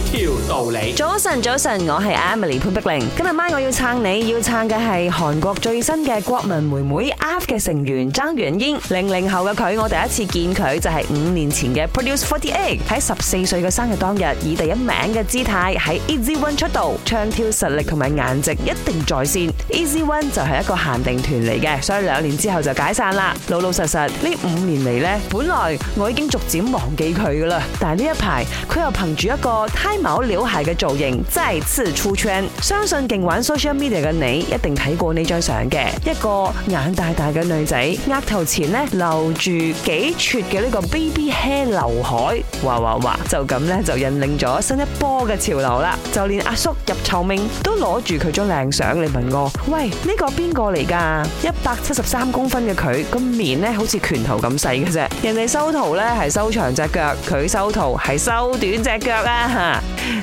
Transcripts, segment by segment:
條道理，早晨早晨，我係 Emily 潘碧玲，今日媽我要撐你，要撐嘅係韓國最新嘅國民妹妹 F 嘅成員張元英，零零後嘅佢，我第一次見佢就係五年前嘅 produce 48，喺十四歲嘅生日當日以第一名嘅姿態喺 Easy One 出道，唱跳實力同埋顏值一定在線，Easy One 就係一個限定團嚟嘅，所以兩年之後就解散啦。老老實實呢五年嚟呢，本來我已經逐漸忘記佢噶啦，但係呢一排佢又憑住一個。開帽了鞋嘅造型再次出圈，相信勁玩 social media 嘅你一定睇過呢張相嘅。一個眼大大嘅女仔額頭前呢留住幾撮嘅呢個 baby hair 劉海，嘩嘩嘩，就咁呢就引領咗新一波嘅潮流啦。就連阿叔入臭命都攞住佢張靚相嚟問我：，喂，呢個邊個嚟噶？一百七十三公分嘅佢個面呢好似拳頭咁細嘅啫。人哋修圖呢係修長隻腳，佢修圖係修短隻腳啊。」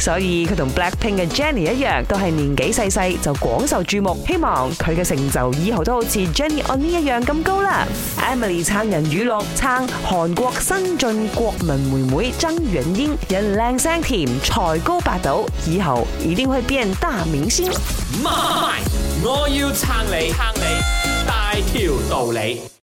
所以佢同 Blackpink 嘅 Jennie 一樣，都係年紀細細就廣受注目。希望佢嘅成就以後都好似 Jennie Oni 一樣咁高啦。Emily 撐人語錄，撐韓國新晉國民妹妹張元英，人靚聲甜，才高八斗，以後一定會變大明星。賣！我要撐你，撐你大條道理。